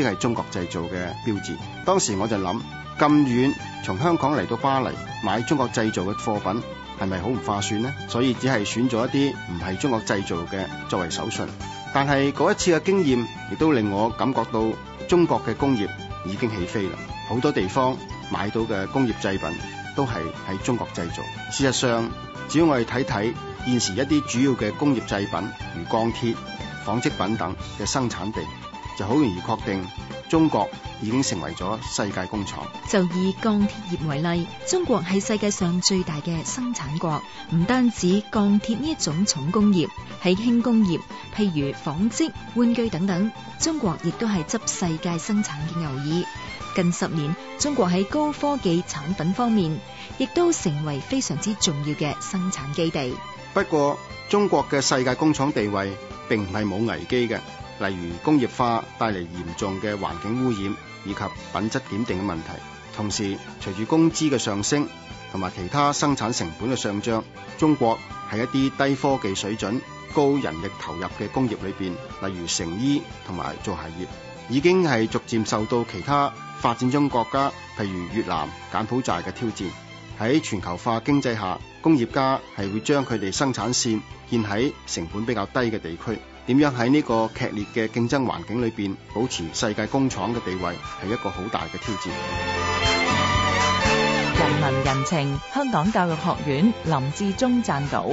即係中國製造嘅標誌。當時我就諗咁遠從香港嚟到巴黎買中國製造嘅貨品係咪好唔划算呢？所以只係選咗一啲唔係中國製造嘅作為手信。但係嗰一次嘅經驗亦都令我感覺到中國嘅工業已經起飛啦。好多地方買到嘅工業製品都係喺中國製造。事實上，只要我哋睇睇現時一啲主要嘅工業製品，如鋼鐵、紡織品等嘅生產地。就好容易確定中國已經成為咗世界工廠。就以鋼鐵業為例，中國係世界上最大嘅生產國，唔單止鋼鐵呢一種重工業，喺輕工業，譬如紡織、玩具等等，中國亦都係執世界生產嘅牛耳。近十年，中國喺高科技產品方面，亦都成為非常之重要嘅生產基地。不過，中國嘅世界工廠地位並唔係冇危機嘅。例如工業化帶嚟嚴重嘅環境污染以及品質檢定嘅問題，同時隨住工資嘅上升同埋其他生產成本嘅上漲，中國喺一啲低科技水準、高人力投入嘅工業裏面，例如成衣同埋做鞋業，已經係逐漸受到其他發展中國家，譬如越南、柬埔寨嘅挑戰。喺全球化經濟下，工業家係會將佢哋生產線建喺成本比較低嘅地區。點樣喺呢個劇烈嘅競爭環境裏邊保持世界工廠嘅地位，係一個好大嘅挑戰。人民人情，香港教育學院林志忠撰稿。